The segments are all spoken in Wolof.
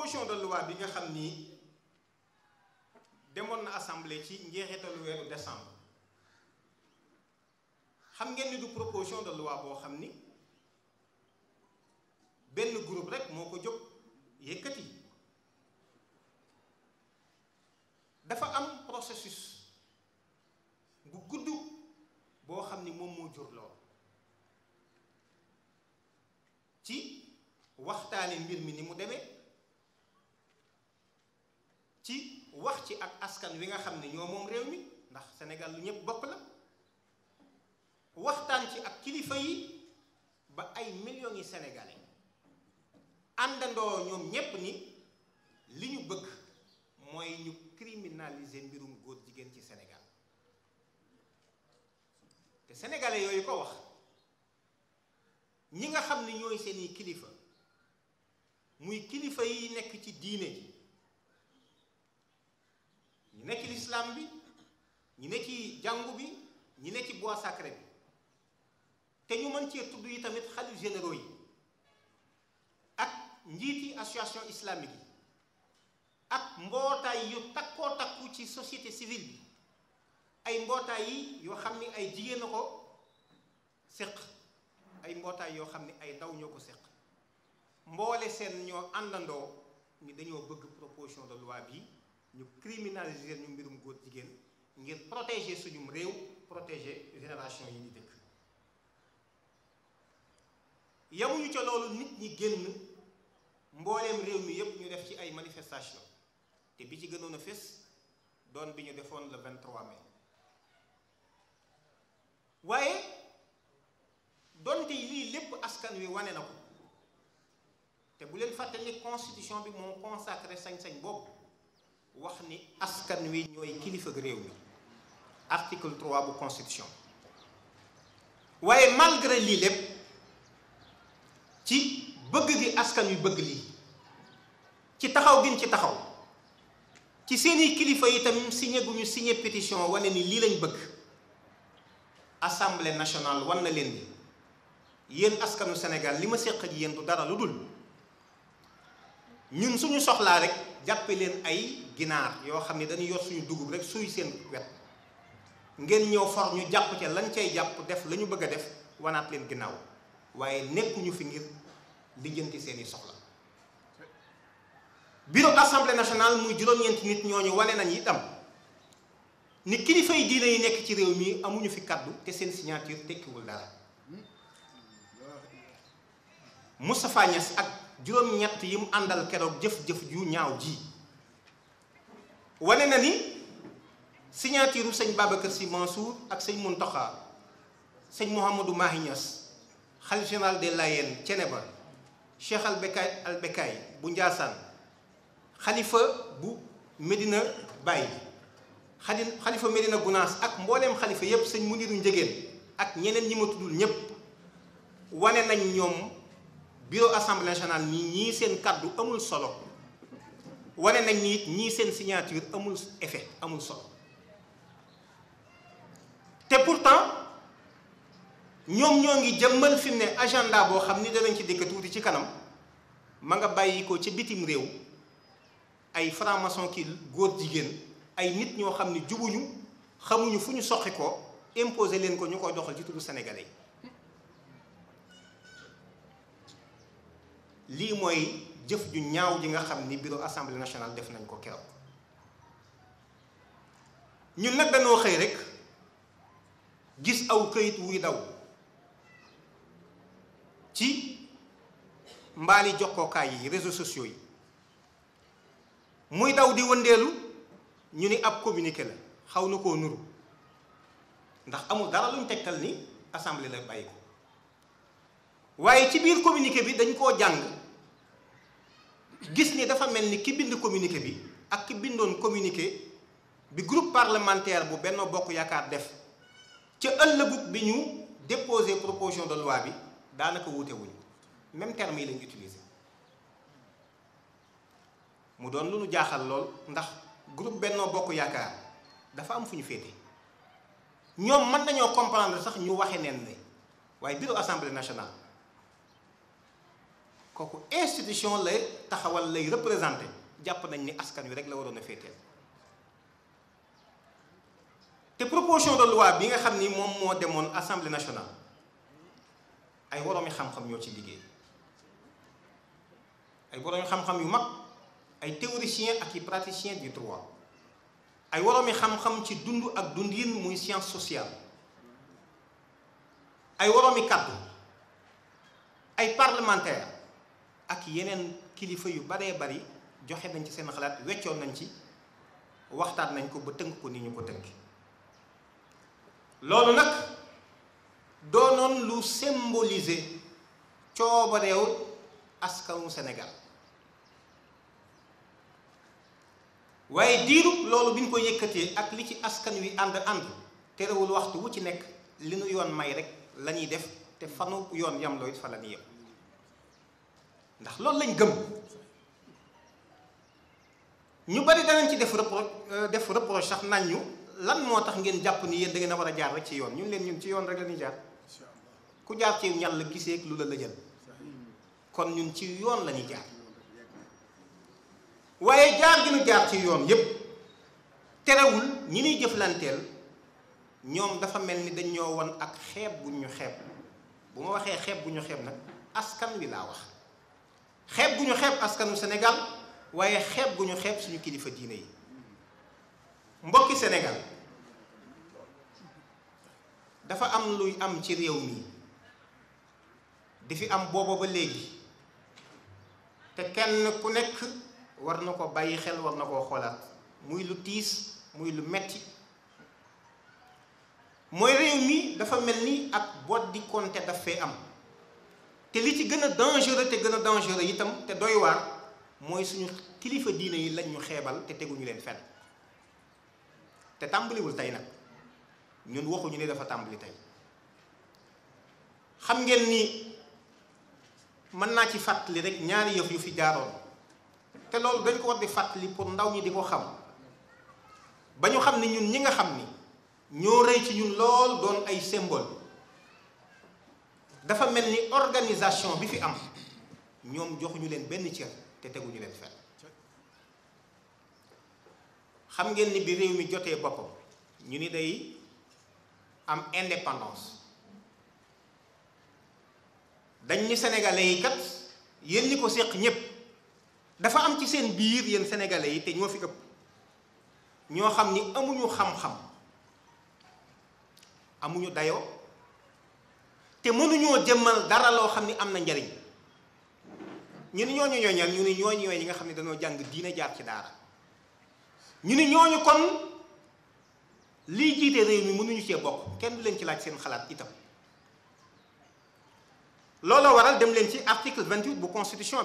proposition de loi bi nga xam ni demoon na assemblée ci njeexitalu weeru décembre xam ngeen ni du proposition de loi boo xam ni benn groupe rek moo ko jóg yëkkati dafa am processus bu gudd boo xam ni moom moo jur lool ci waxtaane mbir mi ni mu demee ci wax ci ak askan wi nga xam ne ñoo moom réew mi ndax Sénégal lu ñëpp bokk la waxtaan ci ak kilifa yi ba ay millions yi sénégalais àndandoo ñoom ñépp ni li ñu bëgg mooy ñu criminaliser mbirum góor jigéen ci senegal te sénégalais yooyu ko wax ñi nga xam ne ñooy seeni kilifa muy kilifa yi nekk ci diine ji ñi ne ci lislaam bi ñi ne ci jàngu bi ñi ne ci bois sacré bi te ñu mën cee tudd yi tamit xalif généro yi ak njiiti association islamique yi ak mbootaay yu takkoo takku ci société civile bi ay mbootaay yi yoo xam ni ay jigéen a ko séq ay mbootaay yoo xam ni ay ndaw ñoo ko séq mboole seen ñoo àndandoo ni dañoo bëgg proposition de loi bi ñu criminaliser ñu mbirum góor jigéen ngir protéger suñum réew protéger génération yi ñu dëkk yemuñu ca loolu nit ñi génn mbooleem réew mi yépp ñu def ci ay manifestation te bi ci gënoon a fés doon bi ñu defoon le 23 mai waaye donte lii lépp askan wi wane na ko te bu leen fàttali constitution bi moo consacré sañ-sañ bopp wax ni askan wi ñooy kilifa réew mi article 3 bu constitution waaye malgré lii lépp ci bëgg gi askan wi bëgg lii ci taxaw gin ci taxaw ci seeni kilifa yi tamit signé gu ñu signé pétition wane ni lii lañ bëgg assemblée nationale wan na leen ni yéen askanu senegal li ma séq ak yéen du dara lu dul ñun suñu soxlaa rek jàppe leen ay ginaar yoo xam ne dañuy yor suñu dugub rek suy seen wet ngeen ñëw for ñu jàpp ca lañ cay jàpp def lañu ñu bëgg a def wanaat leen ginnaaw waaye nekkuñu fi ngir lijjanti seeni soxla bureau assemblée nationale muy juróom-ñeenti nit ñooñu wale nañ itam ni kilifay yi diine yi nekk ci réew mii amuñu fi kàddu te seen signature tekkiwul dara Moustapha Niass ak juróom-ñett yi mu àndal keroog jëf-jëf ju ñaaw ji wane na ni signature u sëñ Babacar Sy Mansour ak sëñ Mountakha sëñ Mouhamadou Mahi Niass xalif général des Layènes Albekaay bu Ndiassane xalifa bu Medina Baye xali xalifa Medina Gounass ak mbooleem xalifa yépp sëñ Muniru Njegéen ak ñeneen ñi ma tuddul ñépp wane nañ ñoom bureau assemblée nationale nii ñii seen kàddu amul solo wane nañ ni ñi seen signature amul effet amul solo te pourtant ñoom ñoo ngi jëmmal fi mu ne agenda boo xam ni danañ ci dëkk tuuti ci kanam ma nga bàyyi ko ci bitim réew ay franc ki góor jigéen ay nit ñoo xam ni jubuñu xamuñu fu ñu soqi ko imposé leen ko ñu koy doxal ci turu sénégalais lii mooy jëf ju ñaaw ji nga xam ni bureau assemblée nationale def nañ ko keroog ñun nag dañoo xëy rek gis aw këyit wuy daw ci mbaali jokkookaay yi réseaux sociaux yi muy daw di wëndeelu ñu ni ab communiqué la xaw na ko nuru ndax amul dara luñ tegtal ni assemblée la bàyyi ko waaye ci biir communiqué bi dañ koo jàng gis ni dafa mel ni ki bind communiqué bi ak ki bindoon communiqué bi groupe parlementaire bu Benno Bokk Yaakaar def ca ëllëgug bi ñu déposé proposion de loi bi daanaka wuute wuñu même terme yi lañu utilisé mu doon lu lu jaaxal lool ndax groupe Benno Bokk Yaakaar dafa am fu ñu féete ñoom mën nañoo comprendre sax ñu waxe neen ne waaye bureau assemblée nationale kooku institution lay taxawal lay représenté jàpp nañ ni askan wi rek la waroon a féeteel te proposition de loi bi nga xam ni moom moo demoon assemblée nationale ay boroomi xam-xam ci liggéey ay boroomi xam-xam yu mag ay théoriciens ak i praticien du droit ay boroomi xam-xam ci dund ak dund dundin muy science sociale ay boroomi kàddu ay parlementaires. ak yeneen kilifa yu baree bari joxe nañ ci seen xalaat weccoon nañ ci waxtaan nañ ko ba tënk ko ni ñu ko tënk loolu nag doonoon lu cooba coobareewu askanu senegal waaye diirub loolu bi ñu ko yëkkatee ak li ci askan wi ànd ànd terewul waxtu wu ci nekk li nu yoon may rek lañuy def te fanu yoon yam looy fa la yem ndax loolu lañ gëm ñu bari danañ ci def repro euh, def reproche sax nañ ñu lan moo tax ngeen jàpp ni yéen da ngeen a war a jaar rek ci yoon ñun leen ñun ci yoon rek la jaar ku jaar ci ñàll gisee ak lu la la jël kon ñun ci yoon la ñuy jaar waaye jaar ci yoon yépp terewul ñi ñuy jëflanteel ñoom dafa mel ni dañ ñoo won ak xeeb bu ñu xeeb bu ma waxee xeeb bu ñu xeeb nag askan wi laa wax xeeb gu ñu xeeb askanu Sénégal waaye xeeb gu ñu xeeb suñu kilifa diine yi mbokki senegal dafa am luy am ci réew mi di fi am booba ba léegi te kenn ku nekk war na ko bàyyi xel war na koo xoolaat muy lu tiis muy lu metti mooy réew mi dafa mel ni ak boot di konte daf fee am te li ci gën a dangereux te gën a dangereux itam te doy waar mooy suñu kilifa diine yi lañ ñu xeebal te teguñu leen fenn te tàmbaliwul tey nag ñun waxuñu ne dafa tàmbali tey xam ngeen ni mën naa ci fàttali rek ñaari yëf yu fi jaaroon te loolu dañ ko war di fàttali pour ndaw ñi di ko xam ba ñu xam ni ñun ñi nga xam ni ñoo rëy ci ñun lool doon ay symbole dafa mel ni organisation bi fi am ñoom joxuñu leen benn cër te teguñu leen fenn xam ngeen ni bi réew mi jotee boppam ñu ni day am indépendance dañ ni sénégalais yi kat yéen ñi ko séq ñépp dafa am ci seen biir yéen sénégalais yi te ñoo fi ëpp ñoo xam ni amuñu xam-xam amuñu dayoo te mënuñoo jëmmal dara loo xam ni am na njariñ ñu ni ñooñu ñooy ñu ni ñooñu ñooy nga xam ne dañoo jàng diine jaar ci daara ñu ni ñooñu kon lii jiite réew mi mënuñu cee bokk kenn du leen ci laaj seen xalaat itam looloo waral dem leen ci article 28 bu constitution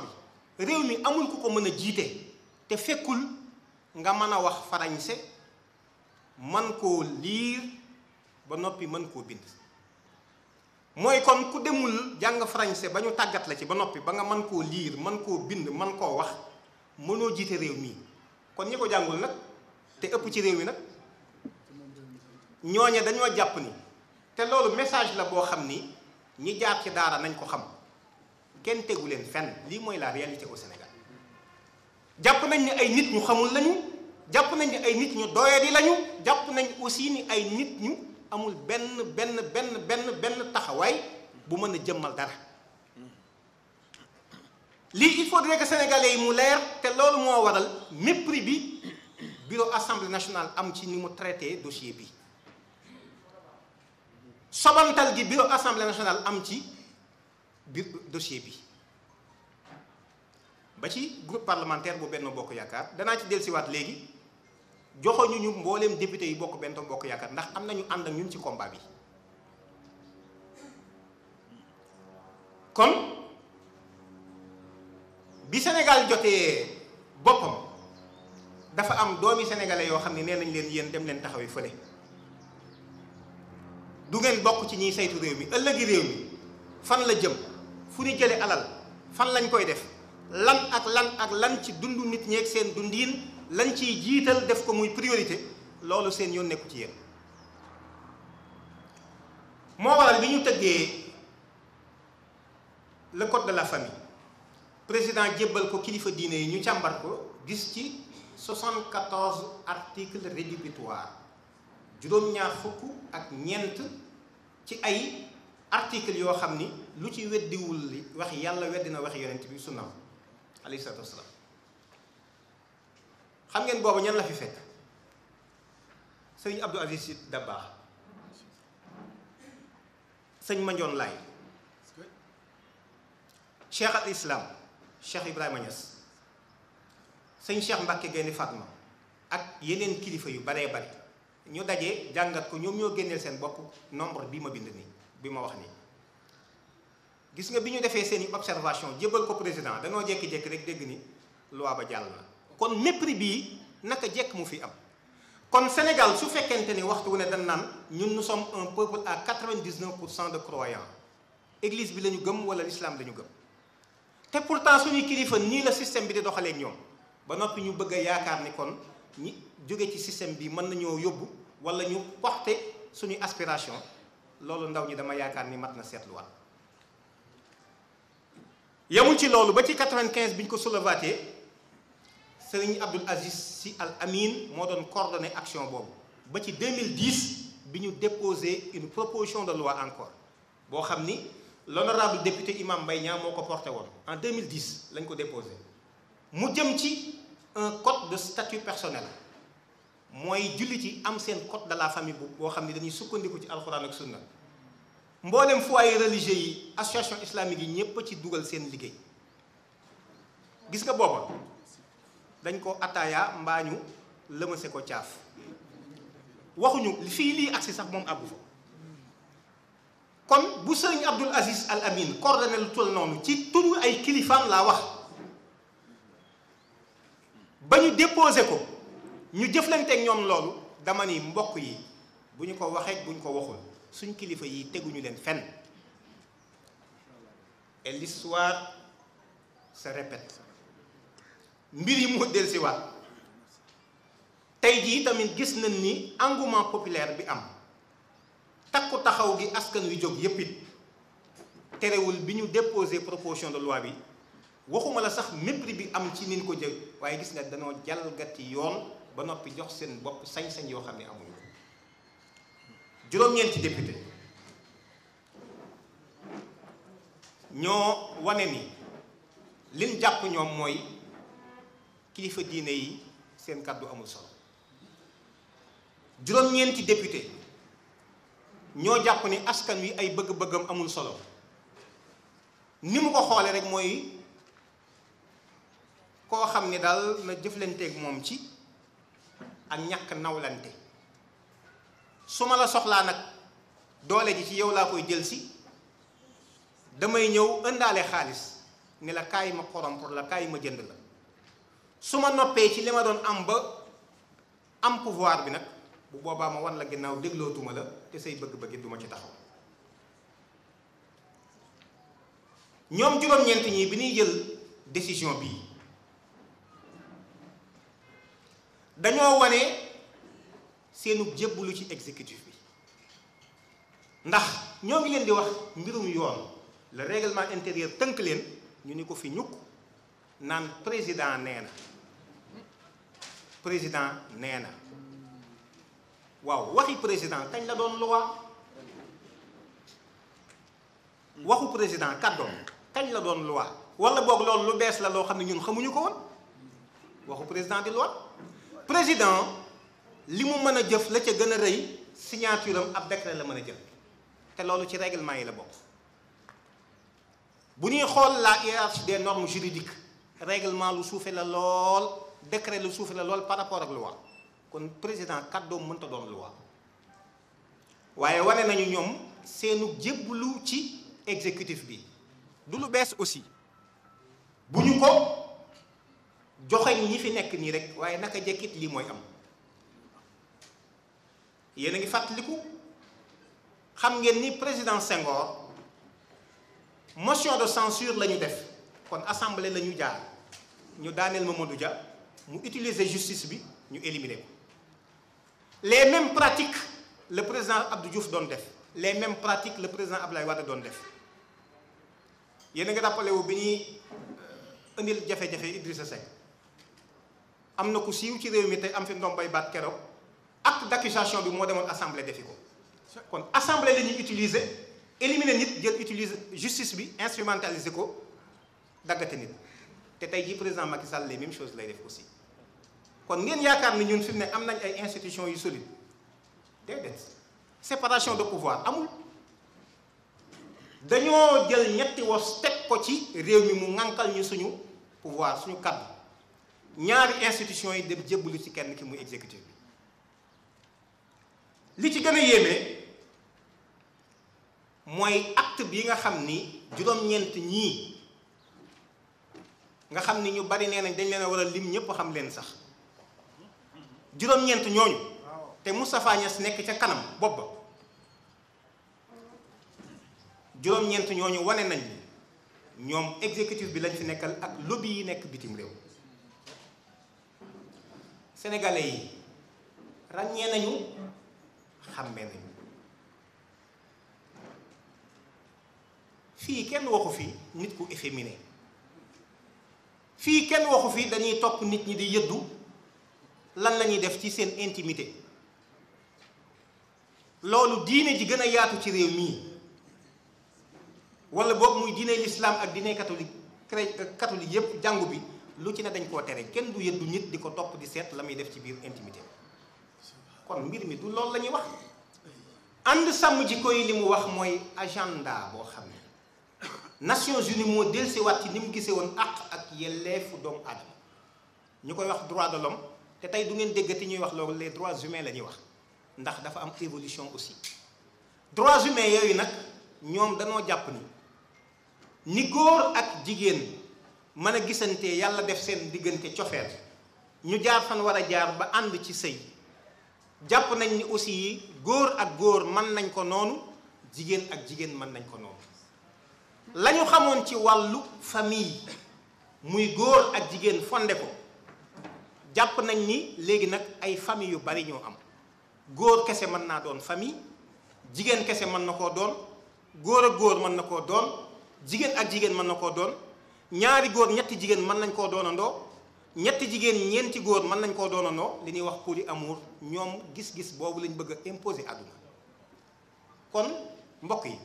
bi réew mi amul ku ko mën a jiite te fekkul nga mën a wax farañse mën koo liir ba noppi mën koo bind mooy kon ku demul jàng français ba ñu tàggat la ci ba noppi ba nga mën koo liir man koo bind man koo wax mënoo jiite réew mii kon ñi ko jàngul nag te ëpp ci réew yi nag ñooñe dañoo jàpp ni te loolu message la boo xam ni ñi jaar ci daara nañ ko xam kenn tegu leen fenn lii mooy la réalité au Sénégal jàpp nañ ni ay nit ñu xamul lañu jàpp nañ ni ay nit ñu doyadi lañu jàpp nañ aussi ni ay nit ñu amul benn benn benn benn benn taxawaay bu mën a jëmmal dara lii il faudrait que sénégalais yi mu leer te loolu moo waral mépris bi bureau assemblée nationale am ci ni mu traité dossier bi sobantal gi bureau assemblée nationale am ci biir dossier bi ba ci groupe parlementaire bu benn Bokk Yaakaar danaa ci dellusiwaat léegi joxoñu ñu mbooleem député yi bokk Benno Bokk Yaakaar ndax am nañu ànd ak ñun ci combat bi kon bi senegal jotee boppam dafa am doomi sénégalais yoo xam ne nee nañ leen yéen dem leen taxawi fële du ngeen bokk ci ñiy saytu réew mi ëllëgi réew mi fan la jëm fu ñu jëlee alal fan lañ koy def lan ak lan ak lan ci dund nit ñeeg seen dundiin lañ ciy jiital def ko muy priorité loolu seen yoon nekku ci yéen moo waral bi ñu tëggee le code de la famille président jébbal ko kilifa diine yi ñu càmbar ko gis ci 74 articles rédhibitoires juróom-ñaar fukk ak ñeent ci ay articles yoo xam ni lu ci weddiwul li wax yàlla weddi na wax yonent bi sunnaam alayhi salaatu wasalaam xam ngeen boobu ñan la fi fekk sëñ Abdou Aziz Sy Dabakh sëñ Mandione Laye cheikh al islam cheikh Ibrahima Niass sëñ cheikh Mbacke Gaynde Fatma ak yeneen kilifa yu baree bari ñu daje jàngat ko ñoom ñoo génneel seen bopp nombre bi ma bind nii bi ma wax nii. gis nga bi ñu defee seen i observation jébal ko président danoo jekki jékki rek dégg ni loi ba jàll na. kon mépris bii naka jekk mu fi am kon Sénégal su fekkente ni waxtu wu ne dañ naan ñun nu sommes un peuple à 99 pour cent de croyants église bi la ñu gëm wala l'islam la ñu gëm te pourtant suñuy kilifa nii la système bi di doxalee ñoom ba noppi ñu bëgg yaakaar ni kon ñi jóge ci système bi mën nañoo yóbbu wala ñu porter suñuy aspiration loolu ndaw ñi dama yaakaar ni mat na seetluwaat yemul ci loolu ba ci 95 bi ñu ko soulevaatee sëriñ Abdoul Aziz Sy Al Amin moo doon coordonné action boobu ba ci 2010 bi ñu déposé une proposion de loi encore boo xam ni l'honorable député Imam mbay Niang moo ko porté woon en 2010 lañ ko déposé mu jëm ci un code de statut personnel mooy julli ci am seen code de la famille bu boo xam ni dañuy sukkandiku ci alxuraan ak sunna mboolem foyer religieux yi association islamique yi ñëpp a ci dugal seen liggéey gis nga booba dañ ko ataaya mbaa ñu lëmase ko caaf waxuñu fii lii agsi sax moom àggu fa kon bu sëriñ Abdul Aziz Al Amin coordonné lu toll noonu ci turu ay kilifaam laa wax ba ñu déposé ko ñu jëflanteeg ñoom loolu dama ni mbokk yi bu ñu ko waxee bu ñu ko waxul suñ kilifa yi teguñu leen fen et l'histoire se répète mbir yi mu moo waa tey jii tamit gis nañ ni engouement populaire bi am takku taxaw gi askan wi jóg yépp terewul bi ñu déposé proposition de loi bi waxuma la sax mépris bi am ci nin ko jël waaye gis nga danoo jalgati yoon ba noppi jox seen bopp sañ-sañ yoo xam ne amuñu juróom-ñeenti député ñoo wane ni liñ jàpp ñoom mooy kilifa diine yi seen kàddu amul solo juróom-ñeenti député ñoo jàpp ni askan wi ay bëgg-bëggam amul solo ni mu ko xoole rek mooy koo xam ne daal na jëflanteek moom ci ak ñàkk nawlante su ma la soxlaa nag doole ji ci yow laa koy jël si damay ñëw ëndaale xaalis ne la kaay ma corrompre la kaay ma jënd la su ma noppee ci li ma doon am ba am pouvoir bi nag bu boobaa ma wan la ginnaaw déglootuma la te say bëgg-bëgg duma ci taxaw ñoom juróom-ñeent ñi bi ñuy jël décision bi dañoo wane seenu jébbalu ci exécutif bi ndax ñoo ngi leen di wax mbirum yoon la règlement intérieur tënk leen ñu ni ko fi ñukk naan président nee président nee na waaw waxi président kañ la doon loi waxu président kàddoom kañ la doon loi wala boog loolu lu bees la loo xam ne ñun xamuñu ko woon waxu président di loi président li mu mën a jëf la ca gën a rëy signature am ab décret la mën a jël te loolu ci règlement yi la bokk bu ñuy xool la hiérarchie des normes juridiques réglement lu suufee la lool décret lu suufe la lool par rapport ak loi kon président kàddoom mënta doon loi waaye wane nañu ñoom seenu lu ci exécutif bi du lu bees aussi bu ñu ko joxeñ ñi fi nekk nii rek waaye naka jekkit lii mooy am yéen a ngi fàttaliku xam ngeen ni président Senghor motion de censure la ñu def kon assemblée la ñu jaar ñu daaneel Mamadou Dia mu utiliser justice bi ñu éliminer ko les mêmes pratiques le président Abdou Diouf doon def les mêmes pratiques le président Abdoulaye Wade doon def yéen a ngi rappelé wu bi ñuy euh, indil jafe-jafe Idrissa Seck am na ku siiw ci réew mi tey am fi ndombay baat keroog acte d'accusation bi moo demoon assemblée defi ko kon assemblée la ñuy utiliser éliminer jël utiliser justice bi instrumentaliser ko daggate nit te tey jii président Macky Sall les mêmes choses lay def aussi kon ngeen yaakaar ni ñun fi ne am nañ ay institutions yu solide déedéet séparation de pouvoir amul dañoo jël ñetti wos teg ko ci réew mi mu ŋànkal ñu suñu pouvoir suñu kàddu ñaari institutions yi dem jébbalu ci kenn ki muy exécutif bi li ci gën a yéeme mooy acte bi nga xam ni juróom-ñeent ñi nga xam ni ñu bari nee nañ dañ leen a war a lim ñëpp xam leen sax juróom-ñeent ñooñu te Moustapha Niass nekk ca kanam bopp ba juróom-ñeent ñooñu wane nañ ñoom exécutif bi lañ fi nekkal ak lobby yi nekk bitim réew sénégalais yi ràññee nañu xàmmee nañu fii kenn waxu fi nit ku efféminé fii kenn waxu fii dañuy topp nit ñi di yëddu lan la ñuy def ci seen intimité loolu diine ji gën a yaatu ci réew mii wala boog muy diine lislaam ak diine catholique catholique yépp jàngu bi lu ci ne dañ koo tere kenn du yëddu nit di ko topp di seet la muy def ci biir intimité kon mbir mi du lool la ñuy wax ànd sàmm jikko yi li mu wax mooy agenda boo xam ne Nations Unies moo dellusiwaat yi ni mu gisee woon àq ak yelleefu doomu aadama ñu koy wax droit de l'homme te tey du ngeen déggati ñuy wax loolu les droits humains la ñuy wax ndax dafa am évolution aussi droits humains yooyu nag ñoom danoo jàpp ni ni góor ak jigéen mën a gisante yàlla def seen diggante cofeel ñu jaar fan war a jaar ba ànd ci sëy jàpp nañ ni aussi góor ak góor mën nañ ko noonu jigéen ak jigéen mën nañ ko noonu lañu xamoon ci wàllu famille muy góor ak jigéen fonde ko jàpp nañ ni léegi nag ay famille yu bari ñoo am góor kese mën naa doon famille jigéen kese mën na koo doon góor ak góor mën na koo doon jigéen ak jigéen mën na koo doon ñaari góor ñetti jigéen mën nañ koo doonandoo ñetti jigéen ñeenti góor mën nañ koo doonandoo li ñuy wax polyamour ñoom gis-gis boobu lañ bëgg a imposer àdduna kon mbokk yi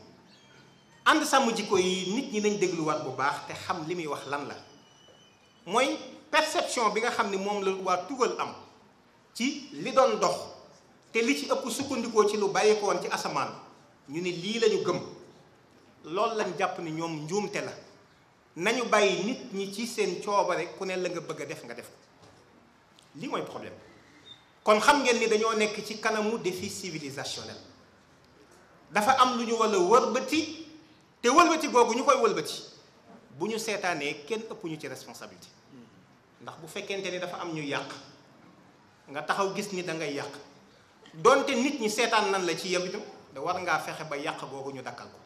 ànd sàmm jikko yi nit ñi nañ dégluwaat bu baax te xam li muy wax lan la mooy perception bi nga xam ni moom la waa tugal am ci li doon dox te li ci ëpp sukkandikoo ci lu bàyyi ko woon ci asamaan ñu ni lii lañu gëm loolu lañ jàpp ni ñoom njuumte la nañu bàyyi nit ñi ci seen coobare ku ne la nga bëgg a def nga def ko lii mooy problème kon xam ngeen ni dañoo nekk ci kanamu défi civilisationnel dafa am lu ñu walla wërbati te wëlbati googu ñu koy wëlbati bu ñu seetaanee kenn ëpp ñu ci responsabilité ndax bu fekkente ni dafa am ñu yàq nga taxaw gis ni da ngay yàq donte nit ñi seetaan nan la ci yem itam war ngaa fexe ba yàq googu ñu dàkkal ko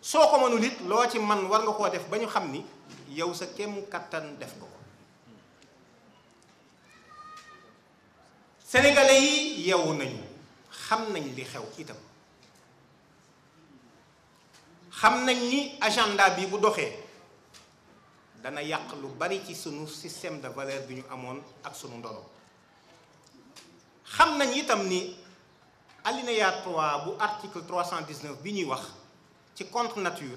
soo ko mënul it loo ci man war nga koo def ba ñu xam ni yow sa kem kàttan def ko sénégalais yi yeewu nañu xam nañ li xew itam xam nañ ni agenda bi bu doxee dana yàq lu bari ci sunu système de valeur bi ñu amoon ak sunu ndono xam nañ itam ni alinéa 3 bu article 319 bi ñuy wax ci contre nature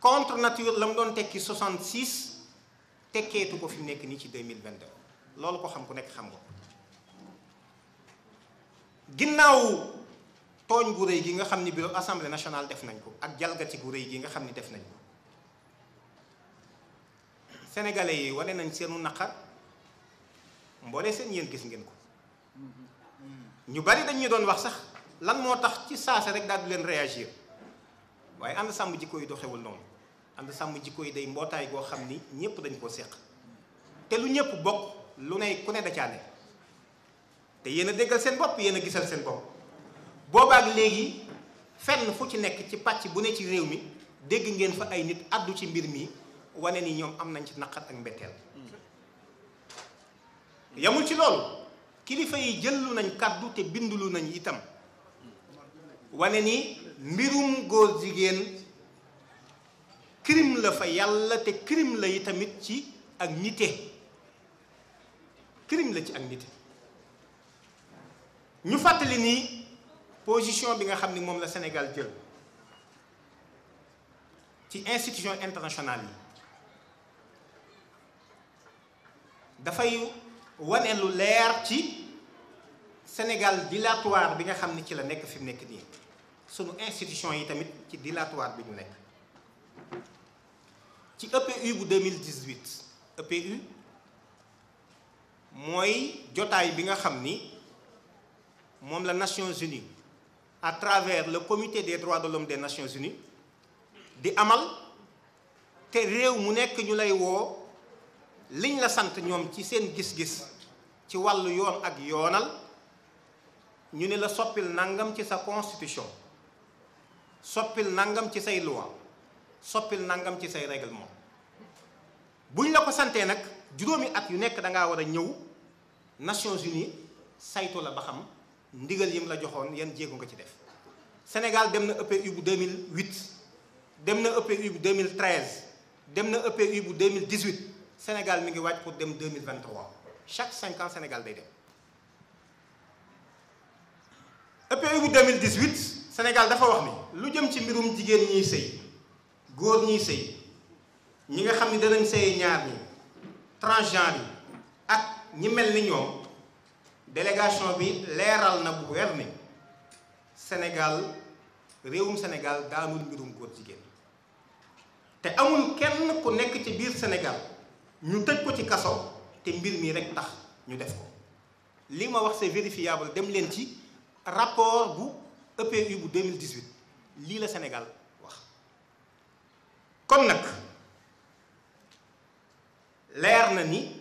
contre nature la mu doon tekki 66 tekkeetu ko fi mu nekk nii ci 2022 loolu ko xam ku nekk xam nga ginnaaw tooñ gu rëy gi nga xam ni bureau assemblée national def nañ ko ak jalgati gu rëy gi nga xam ni def nañ ko sénégalais yi wane nañ seen mu naqar mboole seen yéen gis ngeen ko ñu bari dañuy doon wax sax lan moo tax ci saasa rek daal di leen réagir waaye ànd sàmm jikko yi doxewul noonu ànd sàmm jikko yi day mbootaay goo xam ni ñëpp dañ koo séq te lu ñëpp bokk lu ne ku ne da caa ne te yéen a déggal seen bopp yéen a gisal seen bopp boobaak léegi fenn fu ci nekk ci pàcc bu ne ci réew mi dégg ngeen fa ay nit addu ci mbir mi wane ni ñoom am nañ ci naqar ak mbetteel yamul ci loolu kilifa yi jëllu nañ kàddu te bindulu nañ itam wane ni mbirum góor jigéen crime la fa yàlla te crime la yi tamit ci ak nite crime la ci ak nite ñu fàttali nii position bi nga xam ni moom la Sénégal jël ci institution internationale yi dafay wane lu leer ci Sénégal dilatoire bi nga xam ni ci la nekk fi mu nekk nii sunu institution yi tamit ci dilatoire bi ñu nekk ci EPU bu 2018 EPU mooy jotaay bi nga xam ni moom la Nations Unies à travers le comité des droits de l'homme de Nations Unies di amal te réew mu nekk ñu lay woo liñ la sant ñoom ci seen gis-gis ci wàll yoon ak yoonal ñu ne la soppil nangam ci sa constitution soppil nangam ci say loi soppil nangam ci say règlement buñ la ko santee nag juróomi at yu nekk da ngaa war a ñëw Nations Unies saytu la ba xam ndigal yim la joxoon yan jéego nga ci def Sénégal dem na EPU bu 2008 dem na EPU bu 2013 dem na ëpp EPU bu 2018 Sénégal mi ngi waaj pour dem 2023 chaque cinq ans Sénégal day dem EPU bu 2018 Sénégal dafa wax ni lu jëm ci mbirum jigéen ñiy sëy góor ñiy sëy ñi nga xam ni danañ sëy ñaar ñi transgenre yi ak ñi mel ni ñoom délégation bi leeral na bu weer ni Sénégal réewum Sénégal daanul mbirum góor jigéen te amul kenn ku nekk ci biir senegal ñu tëj ko ci kaso te mbir mi rek tax ñu def ko li ma wax c'est vérifiable dem leen ci rapport bu EPU bu 2018 lii la Sénégal wax kon nag leer na ni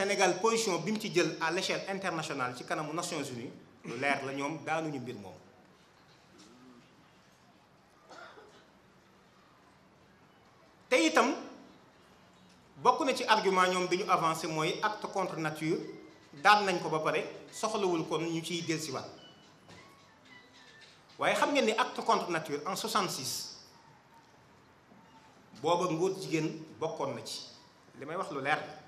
Sénégal position bi mu ci jël à l'échelle international ci kanamu Nations Unies lu leer la ñoom daanuñu mbir moom te itam bokk na ci argument ñoom bi ñu avancé mooy acte contre nature daan nañ ko ba pare soxlawul kon ñu ciy delsiwaat waaye xam ngeen ni acte contre nature en 66 booba ngóor jigéen bokkoon na ci li may wax lu leer la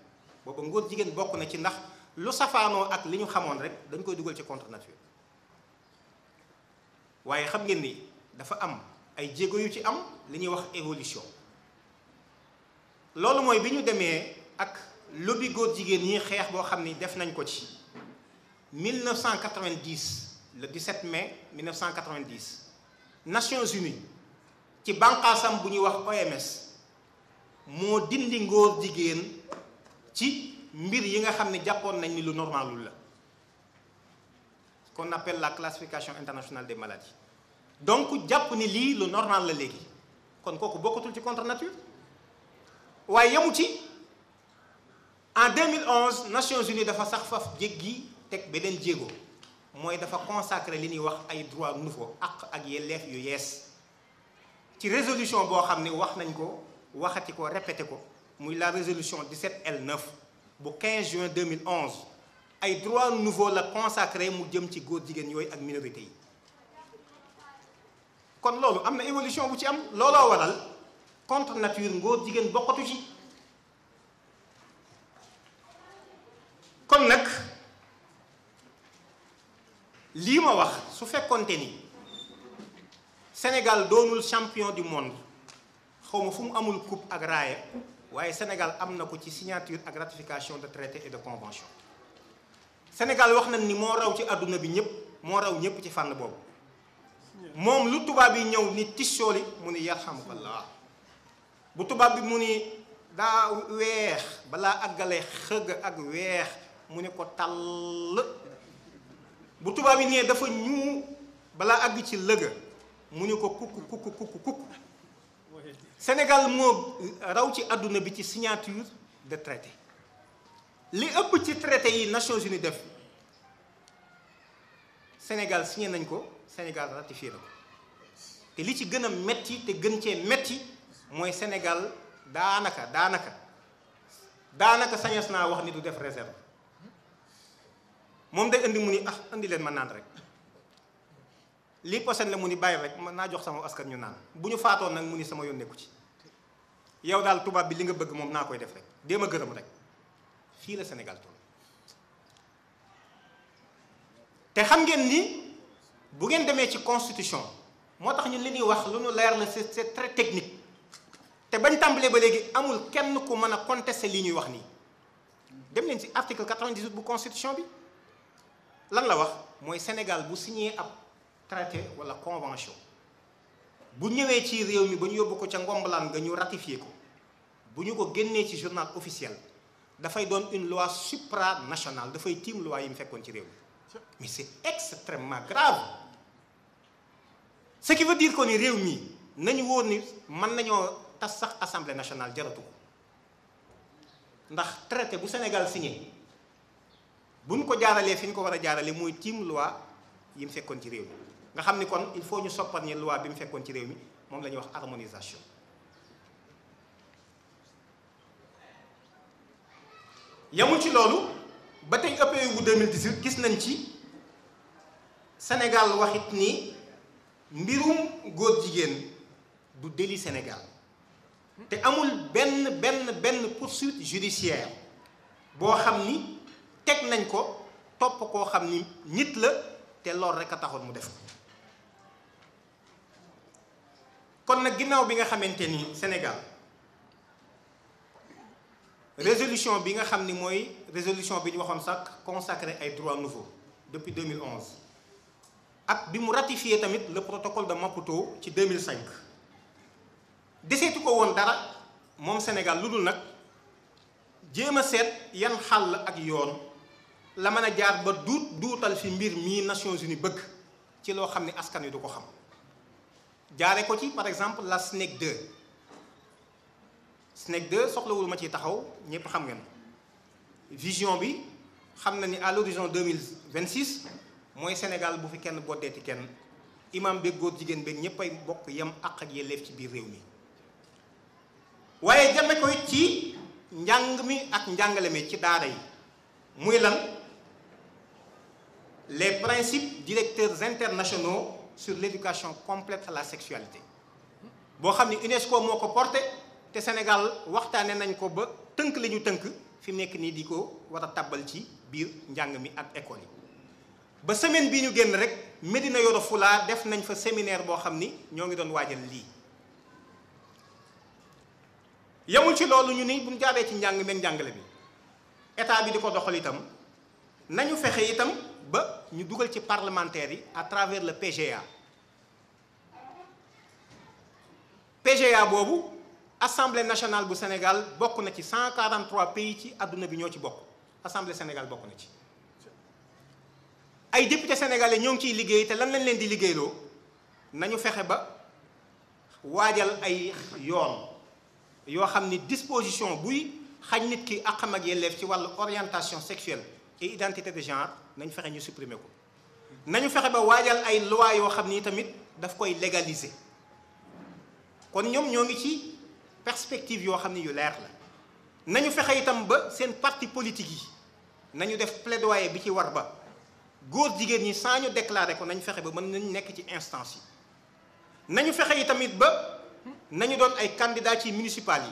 booba ngóor jigéen bokk na ci ndax lu safaanoo ak li ñu xamoon rek dañ koy dugal ci contre nature waaye xam ngeen ni dafa am ay jéego yu ci am li ñuy wax évolution loolu mooy bi ñu demee ak lobby góor jigéen ñi xeex boo xam ni def nañ ko ci 1990 le 17 mai 1990 Nations Unies ci bànqaasam bu ñuy wax OMS moo dindi ngóor jigéen ci mbir yi nga xam ne jàppoon nañ ni lu normalul la qu'on appelle la classification internationale des maladies donc jàpp ni lii lu normal la léegi kon kooku bokkatul ci contre nature waaye yemu ci en 2011 Nations Unies dafa sax faf jéggi teg beneen jéego mooy dafa consacrer li ñuy wax ay droits nouveaux ak ak yelleef yu yees ci résolution boo xam ne wax nañ ko waxati ko répété ko muy la résolution 17L9 bu 15 juin 2011 ay droits nouveaux la consacré mu jëm ci góor jigéen yooyu ak minorité yi kon loolu am na évolution bu ci am looloo waral contre nature ngóor jigéen bokkatu ci kon nag lii ma wax su fekkonte ni Sénégal doonul champion du monde xawma fu mu amul coupe ak raaya waaye Sénégal am na ko ci signature ak ratification de traité et de convention Sénégal wax nañ ni moo raw ci àdduna bi ñëpp moo raw ñëpp ci fànn boobu moom lu tubaab yi ñëw ni tissooli mu ni yarhamukallah bu tubaab bi mu ni daa weex balaa àggale xëgg ak weex mu ne ko tàll bu tubaab yi nee dafa ñu balaa àgg ci lëga mu ni ko kukk kukk kukk Sénégal moo raw ci àdduna bi ci signature de traité li ëpp ci traité yi Nations Unies def Sénégal signé nañ ko Sénégal ratifié na ko te li ci gën a metti te gën cee metti mooy Sénégal daanaka daanaka daanaka sañas naa wax ni du def réserve moom day indi mu ni ah indi leen ma naan rek lii posen la mu ni bàyyi rek man naa jox sama askan ñu naan bu ñu faatoo nag mu ni sama yónneeku ci yow daal tubaab bi li nga bëgg moom naa koy def rek déem a gërëm rek fii la Sénégal toll te xam ngeen ni bu ngeen demee ci constitution moo tax ñu li ñuy wax lu ñu leer la c'est c'est très technique te bañ tàmbalee ba léegi amul kenn ku mën a contester lii ñuy wax nii dem leen ci article 98 bu constitution bi lan la wax mooy Sénégal bu signé ab traité wala convention bu ñëwee ci réew ñi ba ñu yóbbu ko ca ngombalaan nga ñu ratifié ko bu ñu ko génnee ci journal officiel dafay doon une loi supranationale dafay tiim loi yi mu fekkoon ci réew mi mais c'est extrêmement grave ce qui veut dire que ni réew mi nañu wóor ni man nañoo tas sax assemblée nationale jaratu ko ndax traité bu Sénégal signé buñ ko jaaralee fi ñu ko war a jaaralee mooy tiim loi yi mu fekkoon ci réew mi nga xam ni kon il faut ñu soppar ñi loi bi mu fekkoon ci réew mi moom la ñuy wax harmonisation yamul ci loolu ba tey ëppee bu 2018 gis nañ ci Sénégal waxit ni mbirum góor jigéen du délit Sénégal te amul benn benn benn poursuite judiciaire boo xam ni teg nañ ko topp koo xam ni nit la te lool rek a taxoon mu def kon nag ginnaaw bi nga xamante ni Sénégal résolution bi nga xam ni mooy résolution bi ñu waxoon sax consacré ay droits nouveaux depuis 2011 ak bi mu ratifié tamit le protocole de Maputo ci 2005 deseetu ko woon dara moom Sénégal lu dul nag jéem a seet yan xàll ak yoon la mën a jaar ba duut duutal fi mbir mii Nations Unies bëgg ci loo xam ne askan wi du ko xam. jaare ko ci par exemple la SNEC 2 SNEC 2 soxlawul ma ci taxaw ñëpp xam ngeen vision bi xam na ni à l'horizon 2026 mooy Sénégal bu fi kenn boddeeti kenn imam beeg góor jigéen beeg ñëpp ay bokk yem àq ak yelleef ci biir réew mi waaye jame koy ci njàng mi ak njàngale mi ci daara yi muy lan les principes directeur internationaux sur l'éducation complète à la sexualité boo xam ni UNESCO moo ko porté te Sénégal waxtaane nañ ko ba tënk li ñu tënk fi nekk nii di ko war a tàbbal ci biir njàng mi ak école yi ba semaine bii ñu génn rek medina Yoro def nañ fa séminaire boo xam ni ñoo ngi doon waajal lii yemul ci loolu ñu ni buñ jaaree ci njàng meeg njàngale bi état bi di ko doxal itam nañu fexe itam ñu dugal ci parlementaire yi à travers le PGA PGA boobu assemblée nationale bu Sénégal bokk na ci 143 pays ci àdduna bi ñoo ci bokk assemblée Sénégal bokk na ci ay député sénégalais ñoo ngi ciy liggéey te lan lañ leen di liggéeyloo nañu fexe ba waajal ay yoon yoo xam ni disposition buy xañ nit ki àqam ak yelleef ci wàllu orientation sexuelle et identité de genre nañ fexe ñu supprimer ko nañu fexe ba waajal ay loi yoo xam ni tamit daf koy légaliser kon ñoom ñoo ngi ci perspective yoo xam ni yu leer la nañu fexe itam ba seen parti politique yi nañu def plaidoyer bi ci war ba góor jigéen ñi sans ñu déclarer ko nañu fexe ba mën nañu nekk ci instance yi nañu fexe yi tamit ba nañu doon ay candidats ci municipal yi